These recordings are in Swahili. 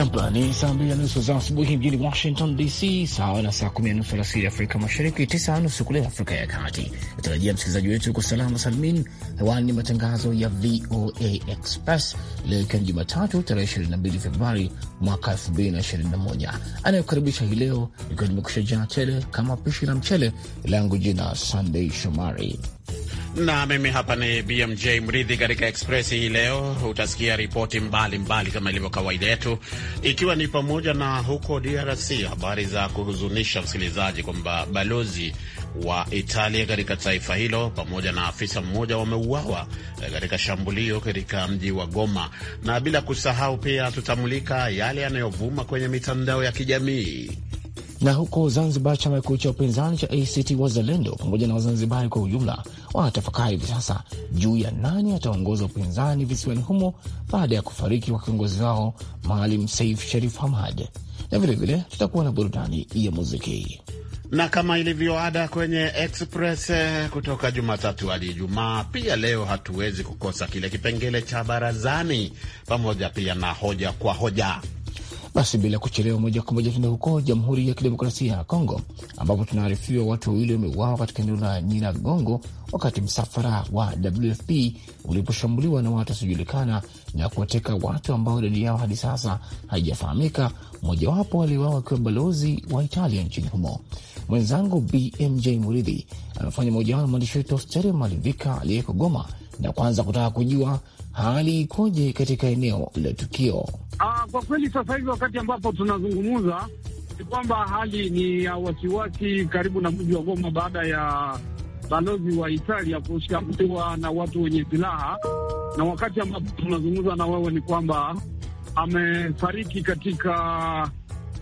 Nampa ni saa mbili na nusu za asubuhi mjini Washington DC, sawa na saa kumi na nusu alasiri Afrika Mashariki, tisa na nusu kule Afrika ya Kati. Natarajia msikilizaji wetu kwa salama salmin. Hewani ni matangazo ya VOA Express leo ikiwa ni Jumatatu tarehe 22 Februari mwaka moja. anayokaribisha hii leo ikiwa nimekusha jaa tele kama pishi la mchele langu, jina Sandei Shomari na mimi hapa ni BMJ Mridhi katika Express hii leo. Utasikia ripoti mbalimbali kama ilivyo kawaida yetu, ikiwa ni pamoja na huko DRC, habari za kuhuzunisha msikilizaji, kwamba balozi wa Italia katika taifa hilo pamoja na afisa mmoja wameuawa katika shambulio katika mji wa Goma, na bila kusahau pia tutamulika yale yanayovuma kwenye mitandao ya kijamii. Na huko Zanzibar, chama kikuu cha upinzani cha ACT Wazalendo pamoja na Wazanzibari kwa ujumla wanatafakari hivi sasa juu ya nani ataongoza upinzani visiwani humo baada ya kufariki kwa kiongozi wao Maalim Seif Sharif Hamad, na vilevile tutakuwa na burudani ya muziki na kama ilivyoada kwenye Express eh, kutoka Jumatatu hadi Ijumaa, pia leo hatuwezi kukosa kile kipengele cha barazani, pamoja pia na hoja kwa hoja. Basi bila kuchelewa, moja kwa moja tuende huko Jamhuri ya Kidemokrasia ya Kongo, ambapo tunaarifiwa watu wawili wameuawa katika eneo la Nyiragongo wakati msafara wa WFP uliposhambuliwa na watu wasiojulikana na kuwateka watu ambao idadi yao hadi sasa haijafahamika. mojawapo aliuawa akiwa balozi wa Italia nchini humo. Mwenzangu BMJ Muridhi amefanya mahojiano na mwandishi wetu Ostere Malivika aliyeko Goma na kwanza kutaka kujua hali ikoje katika eneo la tukio. Ah, kwa kweli sasa hivi wakati ambapo tunazungumza ni kwamba hali ni ya wasiwasi karibu na mji wa Goma baada ya balozi wa Italia kushambuliwa na watu wenye silaha, na wakati ambapo tunazungumza na wewe ni kwamba amefariki katika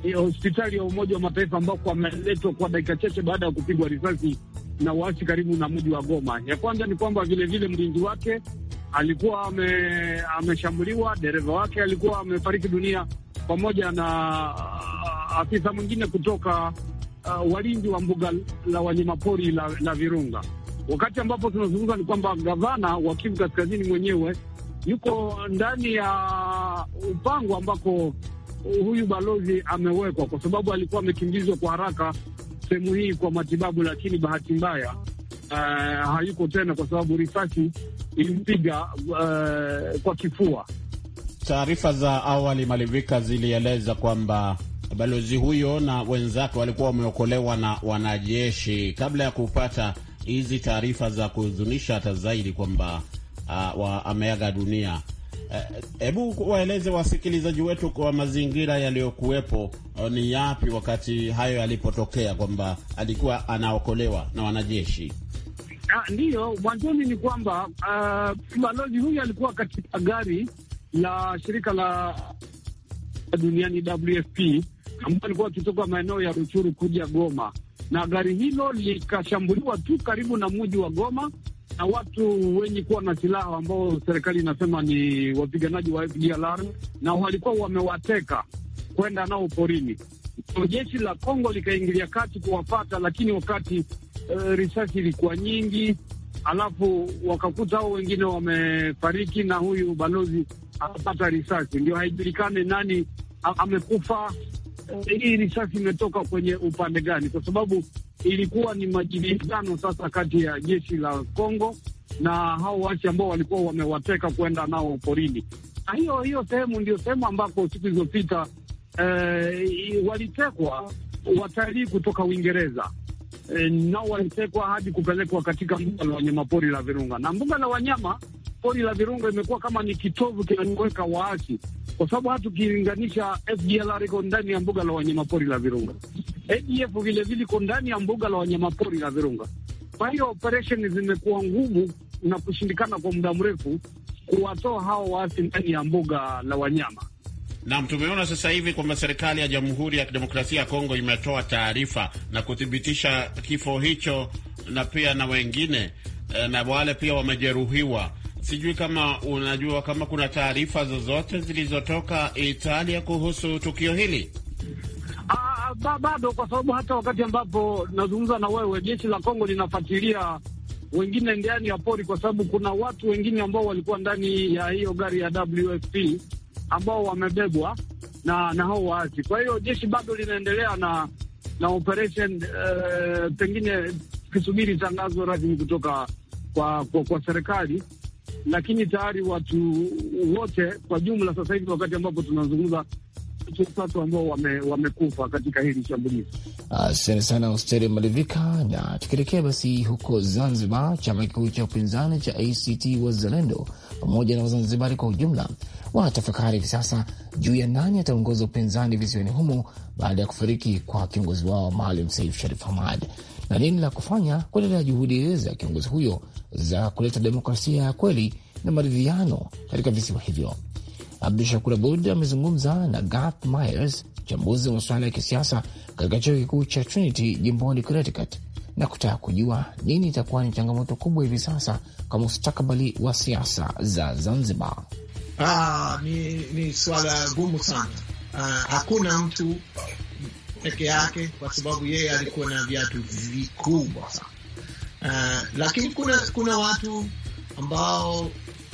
eh, hospitali ya Umoja wa Mataifa ambako ameletwa kwa dakika chache baada ya kupigwa risasi na waasi karibu na mji wa Goma. Ya kwanza ni kwamba vilevile mlinzi wake alikuwa ame, ameshambuliwa, dereva wake alikuwa amefariki dunia pamoja na uh, afisa mwingine kutoka uh, walinzi wa mbuga la wanyamapori la, la Virunga. Wakati ambapo tunazungumza ni kwamba gavana wa Kivu Kaskazini mwenyewe yuko ndani ya upango ambako uh, huyu balozi amewekwa, kwa sababu alikuwa amekimbizwa kwa haraka sehemu hii kwa matibabu, lakini bahati mbaya uh, hayuko tena kwa sababu risasi ilimpiga uh, kwa kifua. Taarifa za awali Malivika zilieleza kwamba balozi huyo na wenzake walikuwa wameokolewa na wanajeshi kabla ya kupata hizi taarifa za kuhuzunisha hata zaidi kwamba uh, ameaga dunia. Eh, hebu eh, waeleze wasikilizaji wetu kwa mazingira yaliyokuwepo eh, ni yapi wakati hayo yalipotokea, kwamba alikuwa anaokolewa na wanajeshi. Ah, Ndiyo, mwanzoni ni kwamba ah, balozi uh, huyu alikuwa katika gari la shirika la duniani WFP ambao alikuwa akitoka maeneo ya Ruchuru kuja Goma, na gari hilo likashambuliwa tu karibu na muji wa Goma na watu wenye kuwa na silaha ambao serikali inasema ni wapiganaji wa FDLR na walikuwa wamewateka kwenda nao porini. So, jeshi la Kongo likaingilia kati kuwapata, lakini wakati uh, risasi ilikuwa nyingi, alafu wakakuta hao wengine wamefariki na huyu balozi akapata risasi, ndio haijulikane nani amekufa. Hii risasi imetoka kwenye upande gani? Kwa sababu ilikuwa ni majibizano sasa kati ya jeshi la Kongo na hao waasi ambao walikuwa wamewateka kwenda nao porini, na hiyo hiyo sehemu ndio sehemu ambako siku zilizopita eh, walitekwa watalii kutoka Uingereza e, nao walitekwa hadi kupelekwa katika mbuga la wanyamapori la Virunga, na mbuga la wanyama pori la Virunga imekuwa kama ni kitovu kinachoweka waasi kwa sababu hata ukilinganisha FDLR iko ndani ya mbuga la wanyamapori la Virunga, ADF vilevile iko ndani ya mbuga la wanyamapori la Virunga. Kwa hiyo operation zimekuwa ngumu na kushindikana kwa muda mrefu kuwatoa hao waasi ndani ya mbuga la wanyama. Nam, tumeona sasa hivi kwamba serikali ya Jamhuri ya Kidemokrasia ya Kongo imetoa taarifa na kuthibitisha kifo hicho na pia na wengine eh, na wale pia wamejeruhiwa. Sijui kama unajua kama kuna taarifa zozote zilizotoka Italia kuhusu tukio hili. Ah, bado kwa sababu hata wakati ambapo nazungumza na wewe, jeshi la Kongo linafuatilia wengine ndani ya pori, kwa sababu kuna watu wengine ambao walikuwa ndani ya hiyo gari ya WFP ambao wamebebwa na na hao waasi. Kwa hiyo jeshi bado linaendelea na na operation uh, pengine kisubiri tangazo rasmi kutoka kwa, kwa, kwa serikali lakini tayari watu wote kwa jumla sasa hivi wakati ambapo tunazungumza watu ambao wame, wamekufa katika hili shambulizi. Asante sana osteri Malivika. Na tukielekea basi huko Zanzibar, chama kikuu cha upinzani cha ACT Wazalendo pamoja na Wazanzibari kwa ujumla wanatafakari hivi sasa juu ya nani ataongoza upinzani visiwani humo baada ya kufariki kwa kiongozi wao Maalim Seif Sharif Hamad na nini la kufanya kuendelea juhudi za kiongozi huyo za kuleta demokrasia ya kweli na maridhiano katika visiwa hivyo. Abdu Shakur Abud amezungumza na Garth Myers, mchambuzi wa masuala ya kisiasa katika chuo kikuu cha Trinity jimboni Connecticut, na kutaka kujua nini itakuwa ni changamoto kubwa hivi sasa kwa mustakabali wa siasa za Zanzibar. Ah, ni, ni swala gumu sana. Ah, hakuna mtu peke yake, kwa sababu yeye alikuwa na viatu vikubwa sana. Uh, lakini kuna kuna watu ambao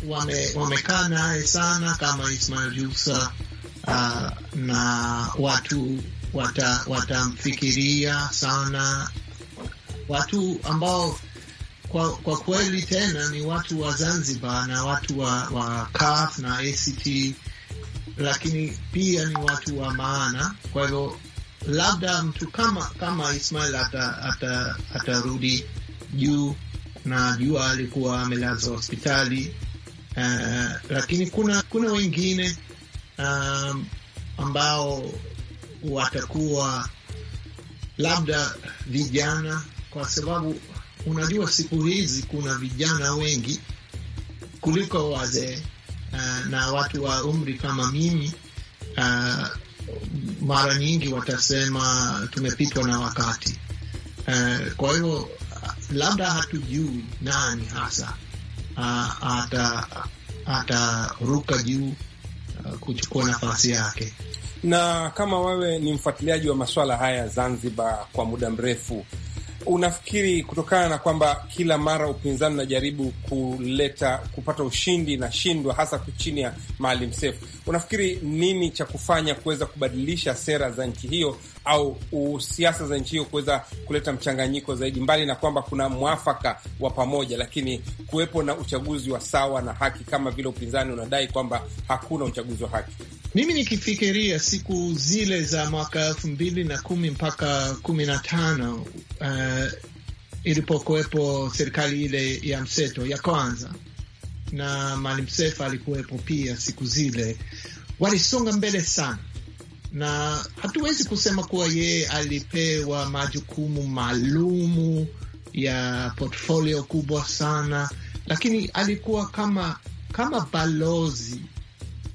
wame, wamekaa naye sana kama Ismail jusa uh, ah, na watu watamfikiria wata sana, watu ambao kwa, kwa kweli tena ni watu wa Zanzibar na watu wa, wa CAF na ACT, lakini pia ni watu wa maana, kwa hivyo labda mtu kama kama Ismail atarudi ata, ata juu na jua alikuwa amelazwa hospitali uh, lakini kuna kuna wengine um, ambao watakuwa labda vijana, kwa sababu unajua siku hizi kuna vijana wengi kuliko wazee uh, na watu wa umri kama mimi uh, mara nyingi watasema tumepitwa na wakati. Uh, kwa hivyo labda hatujui nani hasa uh, ataruka juu uh, kuchukua nafasi yake. Na kama wewe ni mfuatiliaji wa masuala haya ya Zanzibar kwa muda mrefu, unafikiri kutokana na kwamba kila mara upinzani unajaribu kuleta kupata ushindi na shindwa, hasa chini ya Maalim Seif, Unafikiri nini cha kufanya kuweza kubadilisha sera za nchi hiyo au siasa za nchi hiyo kuweza kuleta mchanganyiko zaidi, mbali na kwamba kuna mwafaka wa pamoja, lakini kuwepo na uchaguzi wa sawa na haki, kama vile upinzani unadai kwamba hakuna uchaguzi wa haki? Mimi nikifikiria siku zile za mwaka elfu mbili na kumi mpaka kumi na tano uh, ilipokuwepo serikali ile ya mseto ya kwanza na Maalim Seif alikuwepo pia siku zile, walisonga mbele sana, na hatuwezi kusema kuwa yeye alipewa majukumu maalumu ya portfolio kubwa sana, lakini alikuwa kama kama balozi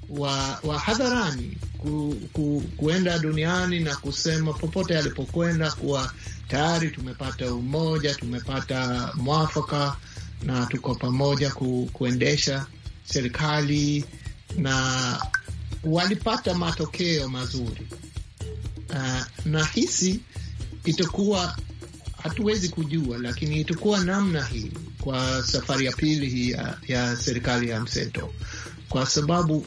wa, wa hadharani ku, ku, kuenda duniani na kusema popote alipokwenda kuwa tayari tumepata umoja, tumepata mwafaka na tuko pamoja ku, kuendesha serikali na walipata matokeo mazuri. Uh, na hisi itakuwa hatuwezi kujua, lakini itakuwa namna hii kwa safari ya pili hii ya, ya serikali ya mseto, kwa sababu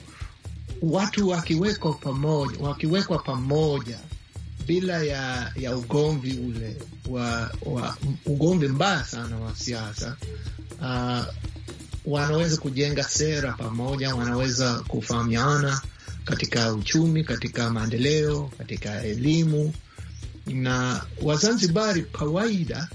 watu wakiwekwa pamoja, wakiwekwa pamoja bila ya ya ugomvi ule wa, wa ugomvi mbaya sana wa siasa uh, wanaweza kujenga sera pamoja, wanaweza kufahamiana katika uchumi, katika maendeleo, katika elimu. Na Wazanzibari kawaida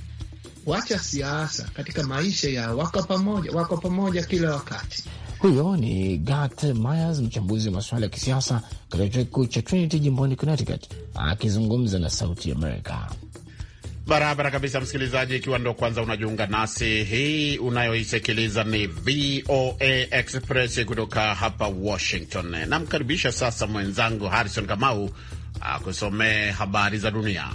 wacha siasa katika maisha yao, wako pamoja, wako pamoja kila wakati. Huyo ni Gat Myers, mchambuzi wa masuala ya kisiasa katika chuo kikuu cha Trinity jimboni Connecticut, akizungumza na Sauti Amerika. Barabara kabisa, msikilizaji, ikiwa ndo kwanza unajiunga nasi, hii unayoisikiliza ni VOA Express kutoka hapa Washington. Namkaribisha sasa mwenzangu Harrison Kamau akusomee habari za dunia.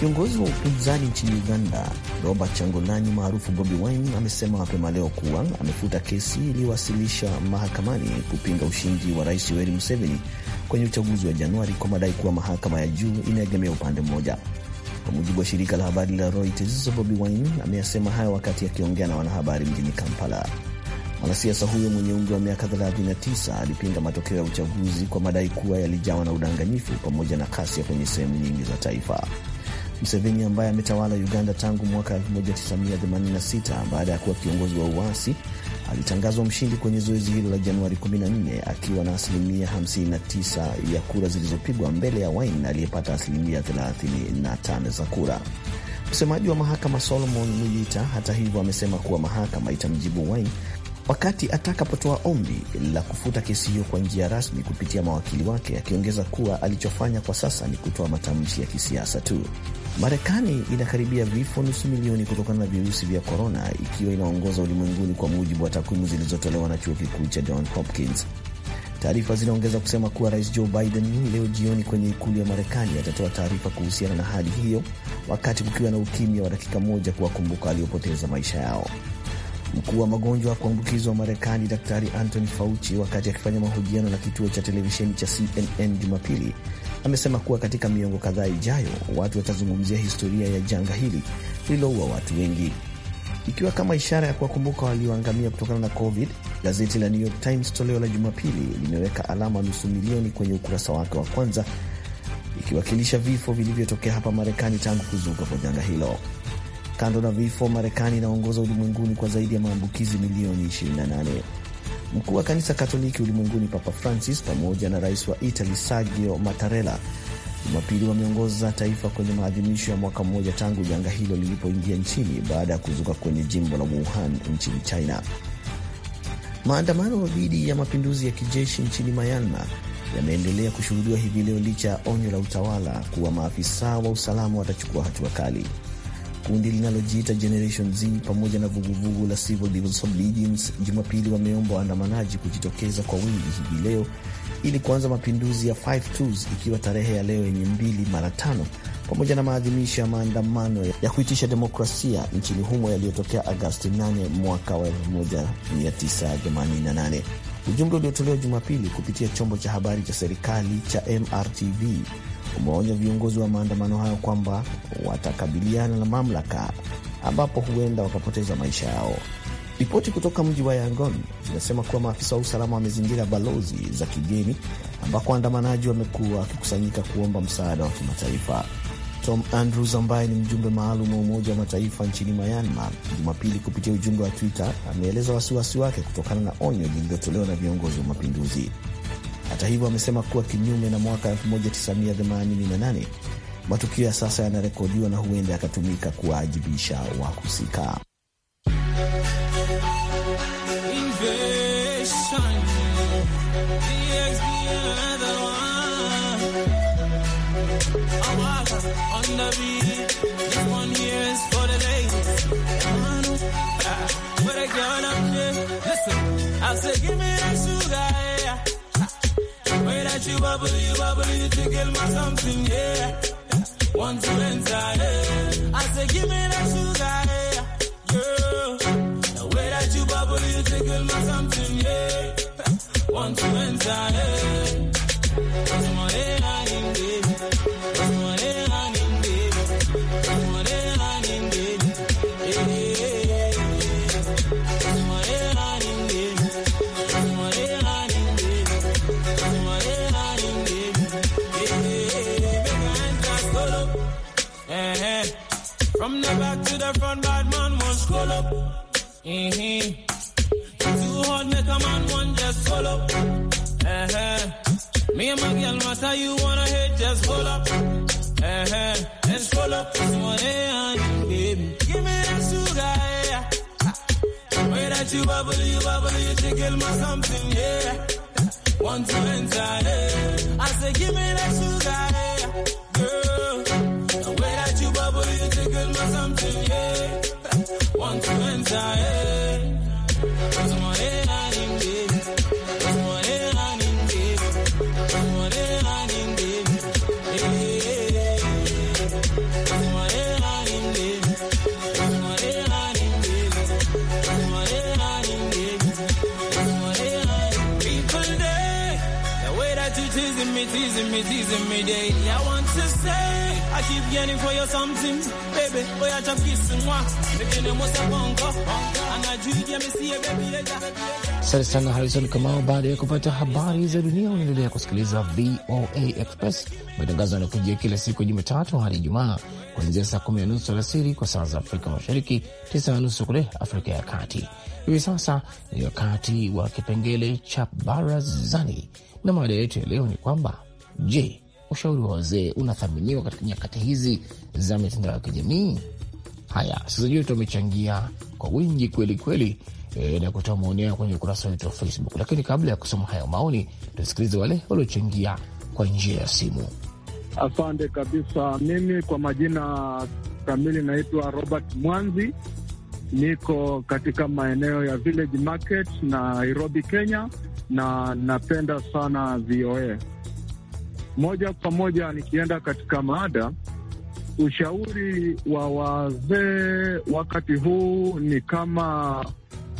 Kiongozi wa upinzani nchini Uganda, Robert changolani maarufu Bobi Wine, amesema mapema leo kuwa amefuta kesi iliyowasilisha mahakamani kupinga ushindi wa Rais Yoweri Museveni kwenye uchaguzi wa Januari kwa madai kuwa mahakama ya juu inaegemea upande mmoja. Kwa mujibu wa shirika la habari la Reuters, Bobi Wine ameyasema hayo wakati akiongea na wanahabari mjini Kampala. Mwanasiasa huyo mwenye umri wa miaka 39 alipinga matokeo ya uchaguzi kwa madai kuwa yalijawa na udanganyifu pamoja na kasia kwenye sehemu nyingi za taifa. Museveni ambaye ametawala Uganda tangu mwaka 1986 baada ya kuwa kiongozi wa uasi alitangazwa mshindi kwenye zoezi hilo la Januari 14 akiwa na asilimia 59 ya kura zilizopigwa mbele ya Wine aliyepata asilimia 35 za kura. Msemaji wa mahakama Solomon Muyita, hata hivyo, amesema kuwa mahakama itamjibu Wine wakati atakapotoa ombi la kufuta kesi hiyo kwa njia rasmi kupitia mawakili wake, akiongeza kuwa alichofanya kwa sasa ni kutoa matamshi ya kisiasa tu. Marekani inakaribia vifo nusu milioni kutokana na virusi vya korona, ikiwa inaongoza ulimwenguni kwa mujibu wa takwimu zilizotolewa na chuo kikuu cha John Hopkins. Taarifa zinaongeza kusema kuwa rais Joe Biden leo jioni kwenye ikulu ya Marekani atatoa taarifa kuhusiana na hali hiyo, wakati kukiwa na ukimya wa dakika moja kuwakumbuka waliopoteza maisha yao. Mkuu wa magonjwa kuambukizwa Marekani Daktari Anthony Fauci, wakati akifanya mahojiano na kituo cha televisheni cha CNN Jumapili, amesema kuwa katika miongo kadhaa ijayo watu watazungumzia historia ya janga hili lililoua watu wengi, ikiwa kama ishara ya kuwakumbuka walioangamia kutokana na COVID. Gazeti la New York Times toleo la Jumapili limeweka alama nusu milioni kwenye ukurasa wake wa kwanza, ikiwakilisha vifo vilivyotokea hapa Marekani tangu kuzuka kwa janga hilo. Kando na vifo, Marekani inaongoza ulimwenguni kwa zaidi ya maambukizi milioni 28. Mkuu wa kanisa Katoliki ulimwenguni Papa Francis pamoja na rais wa Italy Sergio Mattarella Jumapili wameongoza taifa kwenye maadhimisho ya mwaka mmoja tangu janga hilo lilipoingia nchini baada ya kuzuka kwenye jimbo la Wuhan nchini China. Maandamano dhidi ya mapinduzi ya kijeshi nchini Myanmar yameendelea kushuhudiwa hivi leo licha ya onyo la utawala kuwa maafisa wa usalama watachukua hatua kali kundi linalojiita Generation Z pamoja na vuguvugu la Civil Disobedience Jumapili wameomba waandamanaji kujitokeza kwa wingi hivi leo ili kuanza mapinduzi ya 52s ikiwa tarehe ya leo yenye mbili mara tano pamoja na maadhimisho ya maandamano ya kuitisha demokrasia nchini humo yaliyotokea Agasti 8 mwaka wa 1988. Ujumbe uliotolewa Jumapili kupitia chombo cha habari cha serikali cha MRTV umeonya viongozi wa maandamano hayo kwamba watakabiliana na mamlaka ambapo huenda wakapoteza maisha yao. Ripoti kutoka mji wa Yangon zinasema kuwa maafisa wa usalama wamezingira balozi za kigeni ambako waandamanaji wamekuwa wakikusanyika kuomba msaada wa kimataifa. Tom Andrews ambaye ni mjumbe maalum wa Umoja wa Mataifa nchini Myanmar, Jumapili kupitia ujumbe wa Twitter ameeleza wasiwasi wake kutokana na onyo lililotolewa na viongozi wa mapinduzi. Hata hivyo, amesema kuwa kinyume na mwaka 1988 matukio ya sasa yanarekodiwa na huenda yakatumika kuwaajibisha wahusika. you bubble, you bubble, you tickle my something, yeah. Want to enter, yeah. I say, give me that sugar, yeah. the way that you bubble, you tickle my something, yeah. Want to enter, yeah. from the back to the front, bad man one scroll up. Mm-hmm. Too hard, make a man one just scroll up. Uh-huh. Me and my girl, matter you wanna hit, just scroll up. Uh-huh. Then scroll up this morning, baby. Give me that sugar, yeah. Way that you bubble, you bubble, you tickle my something, yeah. Want to enter, yeah. I say, give me that sugar, yeah. Girl she could love something, yeah. Want to enter, yeah. me, teasing me, teasing me daily. I want to say, I keep yearning for your something, baby. Oh, yeah, just kissing moi. Making the most of one go. And I dream, yeah, me see a baby later. Asante sana Harrison Kamau. Baada ya kupata habari za dunia, unaendelea kusikiliza VOA Express. Matangazo yanakujia kila siku ya Jumatatu hadi Ijumaa, kuanzia saa kumi na nusu alasiri kwa saa za Afrika Mashariki, tisa na nusu kule Afrika ya Kati. Hivi sasa ni wakati wa kipengele cha barazani. Na mada yetu ya leo ni kwamba je, ushauri wa wazee unathaminiwa katika nyakati hizi za mitandao ya kijamii? Haya, sasa jote wamechangia kwa wingi kweli kweli, e, na kutoa maoni yao kwenye ukurasa wetu wa Facebook. Lakini kabla ya kusoma hayo maoni, tusikilize wale waliochangia kwa njia ya simu. Asante kabisa. Mimi kwa majina kamili naitwa Robert Mwanzi, niko katika maeneo ya Village Market na Nairobi, Kenya na napenda sana VOA. Moja kwa moja nikienda katika maada, ushauri wa wazee wakati huu ni kama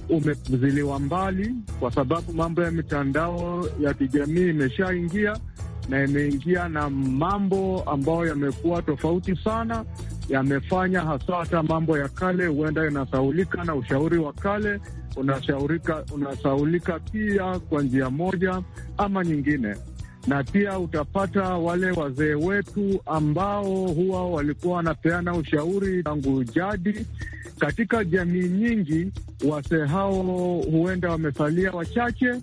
umepuziliwa mbali, kwa sababu mambo ya mitandao ya kijamii imeshaingia na imeingia na mambo ambayo yamekuwa tofauti sana, yamefanya hasa hata mambo ya kale huenda inasaulika na ushauri wa kale unashaurika unasaulika pia kwa njia moja ama nyingine, na pia utapata wale wazee wetu ambao huwa walikuwa wanapeana ushauri tangu jadi katika jamii nyingi. Wazee hao huenda wamesalia wachache,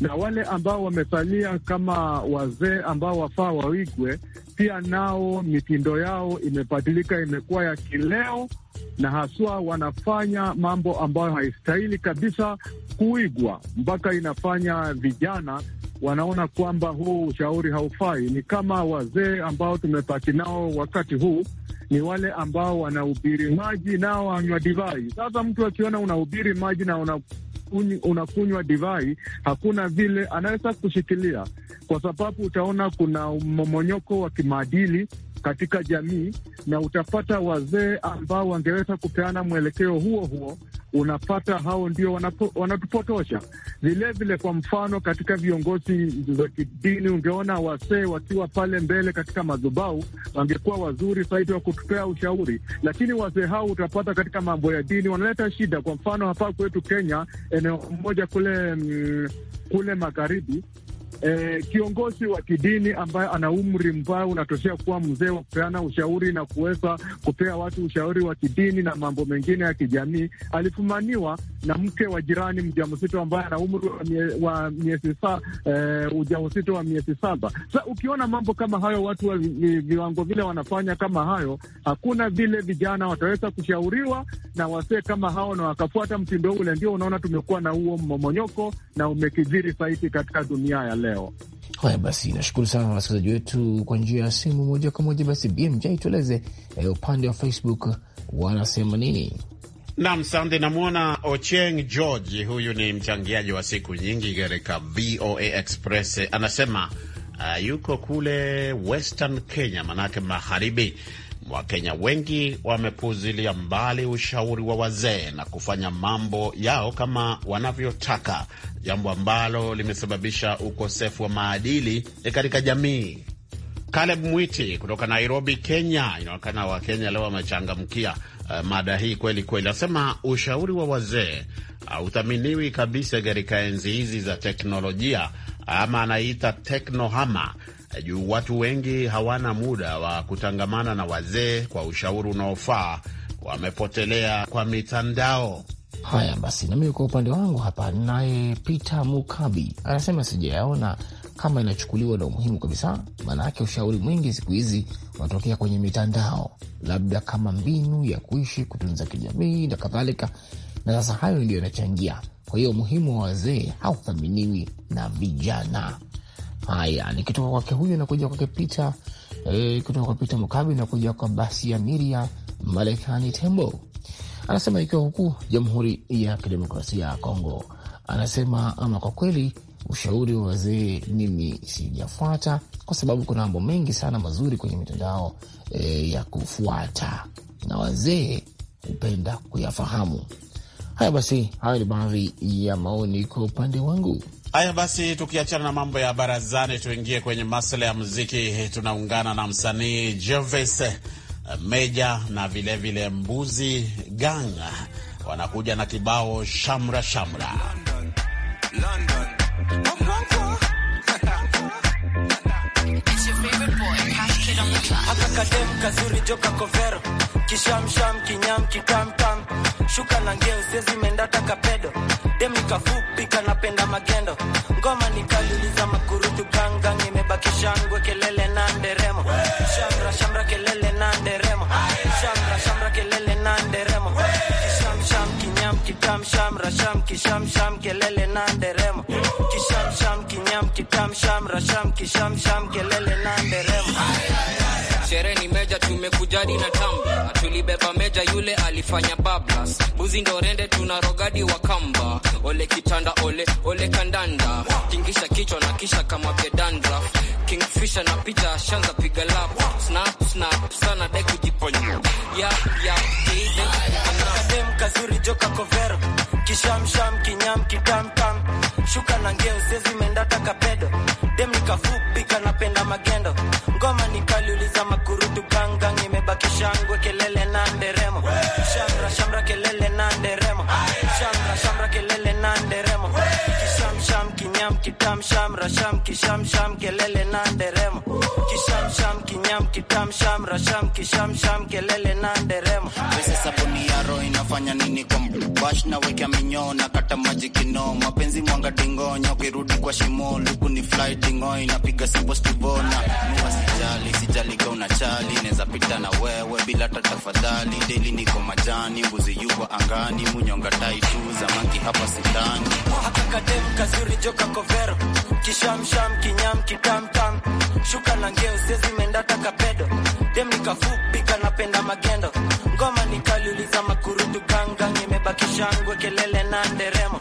na wale ambao wamesalia kama wazee ambao wafaa wawigwe, pia nao mitindo yao imebadilika, imekuwa ya kileo na haswa wanafanya mambo ambayo haistahili kabisa kuigwa, mpaka inafanya vijana wanaona kwamba huu ushauri haufai. Ni kama wazee ambao tumepati nao wakati huu ni wale ambao wanahubiri maji nao anywa divai. Sasa mtu akiona unahubiri maji na una unakunywa divai, hakuna vile anaweza kushikilia, kwa sababu utaona kuna mmomonyoko wa kimaadili katika jamii, na utapata wazee ambao wangeweza kupeana mwelekeo huo huo, unapata hao ndio wanatupotosha. Vilevile, kwa mfano, katika viongozi wa kidini ungeona wasee wakiwa pale mbele katika madhubau wangekuwa wazuri zaidi wa kutupea ushauri, lakini wazee hao utapata katika mambo ya dini wanaleta shida. Kwa mfano, hapa kwetu Kenya, eneo moja kule, mm, kule magharibi eh, kiongozi wa kidini ambaye ana umri mbao unatoshea kuwa mzee wa kupeana ushauri na kuweza kupea watu ushauri wa kidini na mambo mengine ya kijamii, alifumaniwa na mke wa jirani mjamzito ambaye ana umri wa miezi saa eh, ujauzito wa miezi saba. Sa ukiona mambo kama hayo, watu wa viwango vile wanafanya kama hayo, hakuna vile vijana wataweza kushauriwa na wasee kama hao na wakafuata mtindo ule. Ndio unaona tumekuwa na huo mmomonyoko na umekidhiri zaidi katika dunia ya leo leo. Haya basi, nashukuru sana wasikilizaji wetu kwa njia ya simu moja kwa moja. Basi BMJ, tueleze eh, upande wa Facebook wanasema nini? Nam sande, namwona Ocheng George, huyu ni mchangiaji wa siku nyingi katika VOA Express, anasema uh, yuko kule Western Kenya, manake magharibi Wakenya wengi wamepuzilia mbali ushauri wa wazee na kufanya mambo yao kama wanavyotaka, jambo ambalo limesababisha ukosefu wa maadili eh, katika jamii. Caleb Mwiti kutoka Nairobi, Kenya, inaonekana Wakenya leo wamechangamkia uh, eh, mada hii kweli kweli. Anasema ushauri wa wazee hauthaminiwi ah, uh, kabisa katika enzi hizi za teknolojia, ama anaita teknohama eh, juu watu wengi hawana muda wa kutangamana na wazee kwa ushauri unaofaa, wamepotelea kwa mitandao. Haya basi, nami kwa upande wangu hapa, naye Peter Mukabi anasema sijayaona kama inachukuliwa na umuhimu kabisa, maanake ushauri mwingi siku hizi unatokea kwenye mitandao, labda kama mbinu ya kuishi, kutunza kijamii na kadhalika, na sasa hayo ndio yanachangia. Kwa hiyo umuhimu wa wazee hauthaminiwi na vijana. Haya, nikitoka kwake huyo nakuja kwake Peter, eh, kutoka kwa Peter Mukabi nakuja kwa basi ya Miria Marekani Tembo anasema ikiwa huku Jamhuri ya Kidemokrasia ya Kongo. Anasema ama kwa kweli ushauri wa wazee mimi sijafuata, kwa sababu kuna mambo mengi sana mazuri kwenye mitandao e, ya kufuata na wazee hupenda kuyafahamu. Haya basi, hayo ni baadhi ya maoni kwa upande wangu. Haya basi, tukiachana na mambo ya barazani, tuingie kwenye masuala ya muziki. Tunaungana na msanii Joves Eh, meja na vilevile vile Mbuzi Gang eh, wanakuja na kibao shamra shamra London, London. Akakadem kazuri joka kishamsham kinyam kikamkam shuka na ngeo siezi menda takapedo demi kafupi kanapenda magendo ngoma nikaluliza makurutu gangang imebaki shangwe kelele na nderemo shamra shamra sham rasham kishamsham kelele na nderemo kishamsham kinyam sham rasham kishamsham kelele na nderemo Sherehe meja, tumekujadi na tamba, tulibeba meja, yule alifanya bablas, buzi ndo rende, tuna rogadi wa kamba, ole kitanda, ole ole kandanda, kingisha kichwa na kisha kama pedandra, kingfisha na picha shanza, piga lap snap snap sana, dai kujiponya ya yap kazuri joka kovero kishamsham kinyam kitamtam shuka na ngeo sezi menda takapedo dem kishamsham rasham kishamsham kelele na nderemo kishamsham kinyam kitamsham rasham kishamsham kelele na nderemo pesa sabuni ya ro inafanya nini kwa mbash na weka minyo na kata maji kino mapenzi mwanga dingonya ukirudi kwa shimo luku ni flighting oil napiga simple ni wasijali ajali gauna chali naweza pita na wewe bila hata tafadhali. Deli niko majani, mbuzi yuko angani, munyonga tai tu zamangi hapa sindani. Hakakadem kazuri joka kovero kishamsham kinyam kitamtam shuka na ngeo sezi mendata kapedo dem nikafupi kanapenda magendo ngoma nikaliuliza makurutu ganga nimebakisha ngwe kelele na nderemo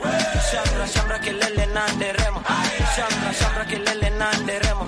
shamra shamra kelele na nderemo shamra shamra kelele na nderemo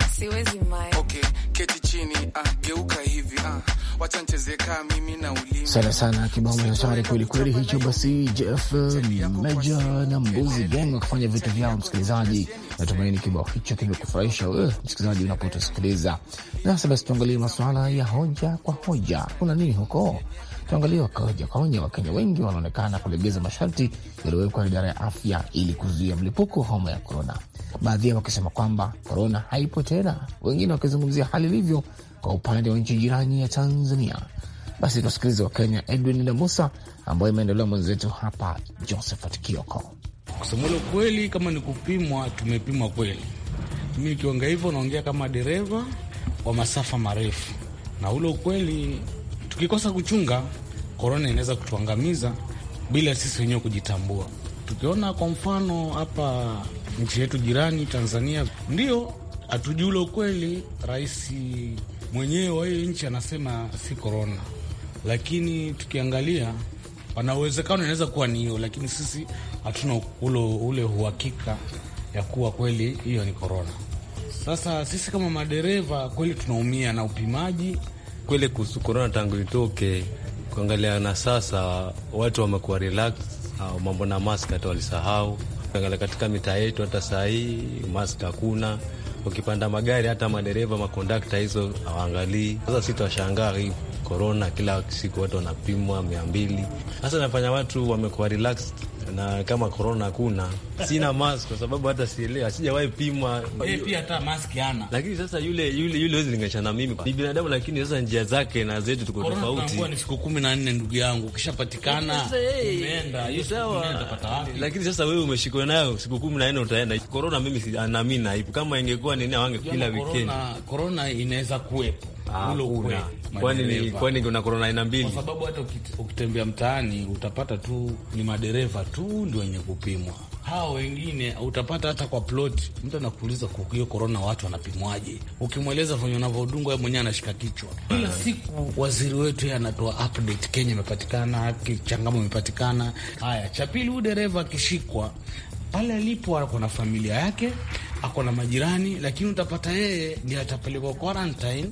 siwezi mai. Okay, keti chini, ah, geuka hivi, ah. Wacha nchezeka mimi na ulimi. Sana sana kibao machari kweli kweli hicho basi Jeff Meja na Mbuzi Gang wakifanya vitu vyao msikilizaji. Natumaini kibao hicho kimekufurahisha wewe msikilizaji unapotusikiliza. Na sasa basi tuangalie masuala ya hoja kwa hoja. Kuna nini huko? Tuangalie wakawaji wakaonya, Wakenya wengi wanaonekana kulegeza masharti yaliyowekwa na idara ya afya ili kuzuia mlipuko wa homa ya korona, baadhi yao wakisema kwamba korona haipo tena, wengine wakizungumzia hali ilivyo kwa upande wa nchi jirani ya Tanzania. Basi tuwasikilize Wakenya Edwin na Musa ambayo imeendelewa mwenzetu hapa Josephat Kioko. Kusema ukweli kweli, kama ni kupimwa, tumepimwa kweli. Mi ukiongea hivyo naongea kama dereva wa masafa marefu, na ule ukweli Tukikosa kuchunga, korona inaweza kutuangamiza bila sisi wenyewe kujitambua. Tukiona kwa mfano hapa nchi yetu jirani Tanzania, ndio hatujui ule ukweli. Rais mwenyewe wa hiyo nchi anasema si korona, lakini tukiangalia pana uwezekano inaweza kuwa ni hiyo, lakini sisi hatuna ule uhakika ya kuwa kweli hiyo ni korona. Sasa sisi kama madereva kweli tunaumia na upimaji kweli kuhusu korona, tangu itoke kuangalia na sasa, watu wamekuwa relax ah, mambo na mask hata walisahau. Kuangalia katika mitaa yetu hata saa hii mask hakuna. Ukipanda magari hata madereva makondakta hizo hawaangalii. Sasa sitashangaa hivo korona, kila siku watu wanapimwa mia mbili. Sasa nafanya watu wamekuwa relaxed na kama korona hakuna, sina mask kwa sababu hata sielewa, sijawahi pimwa pia hata mask hana. Lakini sasa yule yule yule wezi linganisha na mimi, ni binadamu, lakini sasa njia zake na zetu tuko tofauti. Ni siku kumi na nne ndugu yangu, ukishapatikana umeenda sawa, lakini sasa wewe umeshikwa nayo siku kumi na nne utaenda korona. Mimi naamini naipo, kama ingekuwa nini awange kila wikendi korona inaweza kuwepo kwani kwani kuna korona aina mbili, kwa sababu hata ukitembea mtaani utapata tu ni madereva tu ndio wenye kupimwa hao wengine utapata hata kwa plot, mtu anakuuliza hiyo korona watu wanapimwaje? Ukimweleza venye unavyodungwa, mwenyewe anashika kichwa kila eh. Siku waziri wetu ye anatoa update, Kenya imepatikana, Changamo imepatikana. Haya, cha pili, huyu dereva akishikwa pale alipo, ako na familia yake, ako na majirani, lakini utapata yeye ndio atapelekwa quarantine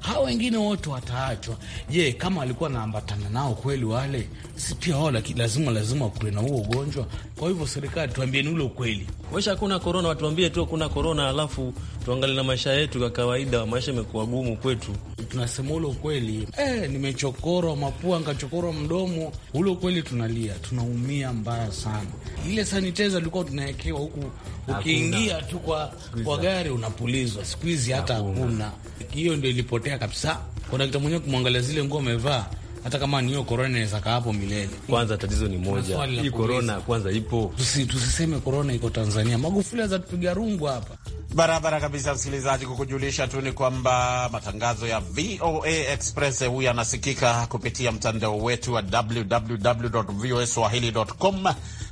hawa wengine wote wataachwa. Je, kama walikuwa naambatana nao kweli wale, si pia wao lazima lazima wakule na huo ugonjwa? Kwa hivyo serikali, tuambieni ule ukweli, wesha hakuna korona, watuambie tu hakuna korona, alafu tuangalie na maisha yetu ka kawaida. Maisha imekuwa gumu kwetu, tunasema ule ukweli. E, nimechokorwa mapua nkachokorwa mdomo, ule ukweli. Tunalia, tunaumia mbaya sana. Ile sanitizer tulikuwa tunawekewa huku ukiingia tu kwa, kwa gari unapulizwa. Siku hizi hata hakuna hiyo, ndio ilipotea kabisa. Kuna kitu mwenyewe kumwangalia zile nguo amevaa hata kama niyo korona inaweza kaa hapo milele. Kwanza tatizo ni moja, hii korona kwanza ipo, tusi, tusiseme korona iko Tanzania. Magufuli za tupiga rungu hapa barabara kabisa. Msikilizaji, kukujulisha tu ni kwamba matangazo ya VOA Express eh, huyu yanasikika kupitia mtandao wetu wa www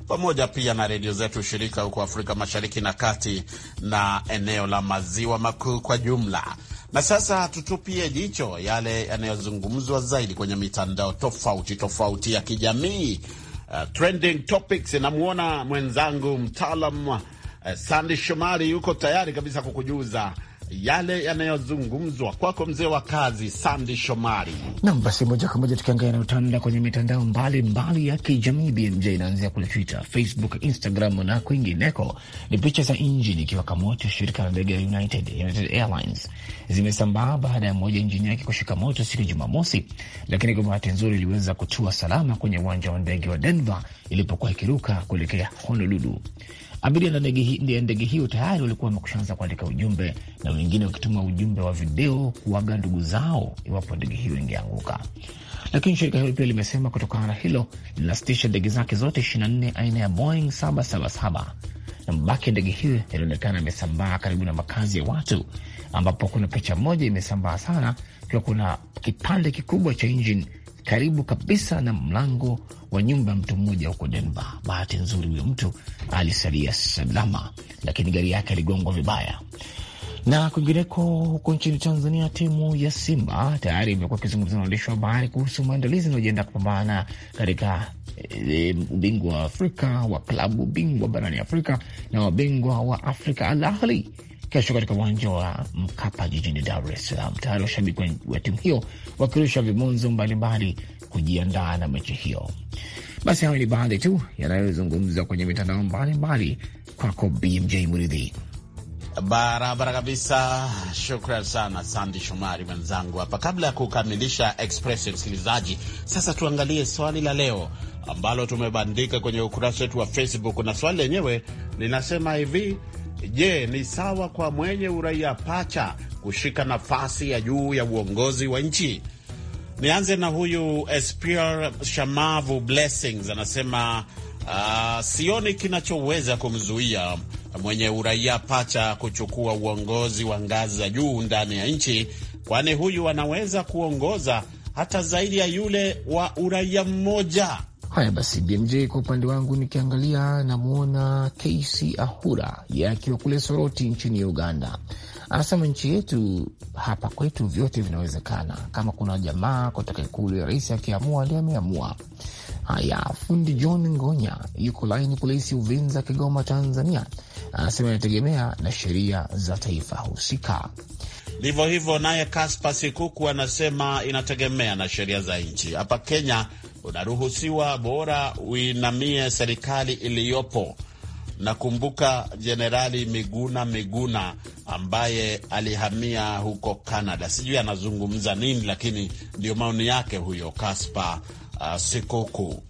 pamoja pia na redio zetu shirika huko Afrika Mashariki na Kati na eneo la Maziwa Makuu kwa jumla. Na sasa tutupie jicho yale yanayozungumzwa zaidi kwenye mitandao tofauti tofauti ya kijamii. Uh, trending topics. Namwona mwenzangu mtaalam uh, Sandi Shomari yuko tayari kabisa kukujuza yale yanayozungumzwa kwako, mzee wa kazi Sandi Shomari. Nam, basi moja kwa moja tukiangalia yanayotanda kwenye mitandao mbalimbali ya kijamii, BMJ inaanzia kule Twitter, Facebook, Instagram na kwingineko, ni picha za injini ikiwaka moto shirika la ndege ya United, United Airlines zimesambaa baada ya moja injini yake kushika moto siku ya Jumamosi, lakini kwa bahati nzuri iliweza kutua salama kwenye uwanja wa ndege wa Denver ilipokuwa ikiruka kuelekea Honolulu. Abiria na ndege hiyo tayari walikuwa wamekushaanza kuandika ujumbe na wengine wakituma ujumbe wa video kuaga ndugu zao iwapo ndege hiyo ingeanguka. Lakini shirika hilo pia limesema kutokana na hilo linasitisha ndege zake zote 24 aina ya Boeing 777 na mabaki ya ndege hiyo yalionekana yamesambaa karibu na makazi ya watu, ambapo kuna picha moja imesambaa sana, ikiwa kuna kipande kikubwa cha injini karibu kabisa na mlango wa nyumba ya mtu mmoja huko Denver. Bahati nzuri, huyo mtu alisalia salama, lakini gari yake aligongwa vibaya. Na kwingineko huko nchini Tanzania, timu ya Simba tayari imekuwa ikizungumza na waandishi wa habari kuhusu maandalizi inayojienda kupambana katika e, ubingwa wa Afrika wa klabu bingwa barani Afrika na wabingwa wa Afrika Al Ahly kesho katika uwanja wa Mkapa jijini Dar es Salaam. Tayari washabiki wa timu hiyo wakirusha vibonzo mbalimbali kujiandaa na mechi hiyo. Basi hayo ni baadhi tu yanayozungumza kwenye mitandao mbalimbali. Kwako BMJ mridhi Barabara kabisa, shukran sana Sandi Shomari mwenzangu hapa. Kabla ya kukamilisha Express msikilizaji, sasa tuangalie swali la leo ambalo tumebandika kwenye ukurasa wetu wa Facebook, na swali lenyewe linasema hivi: Je, ni sawa kwa mwenye uraia pacha kushika nafasi ya juu ya uongozi wa nchi? Nianze na huyu Espier Shamavu Blessings anasema uh, sioni kinachoweza kumzuia mwenye uraia pacha kuchukua uongozi wa ngazi za juu ndani ya nchi, kwani huyu anaweza kuongoza hata zaidi ya yule wa uraia mmoja. Haya basi, BMJ kwa upande wangu nikiangalia, namwona Casey Ahura ye akiwa kule Soroti nchini Uganda, anasema nchi yetu hapa kwetu vyote vinawezekana. Kama kuna jamaa kutoka Ikulu, rais akiamua ndio ameamua. Haya, fundi John Ngonya yuko laini polisi Uvinza, Kigoma, Tanzania, anasema inategemea na sheria za taifa husika. Ndivyo hivyo. Naye Kaspa Sikuku anasema inategemea na sheria za nchi. Hapa Kenya unaruhusiwa, bora uinamie serikali iliyopo. Nakumbuka Jenerali Miguna Miguna ambaye alihamia huko Canada, sijui anazungumza nini, lakini ndio maoni yake huyo Kaspa uh, Sikuku.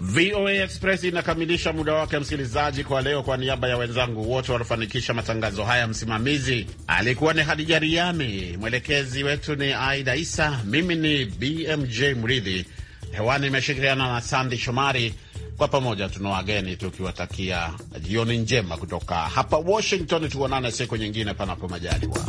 VOA Express inakamilisha muda wake, msikilizaji, kwa leo. Kwa niaba ya wenzangu wote waliofanikisha matangazo haya, msimamizi alikuwa ni Hadija Riami, mwelekezi wetu ni Aida Isa, mimi ni BMJ Mridhi Hewani imeshirikiana na Sandi Shomari. Kwa pamoja tuna wageni tukiwatakia jioni njema kutoka hapa Washington. Tuonane siku nyingine, panapo majaliwa.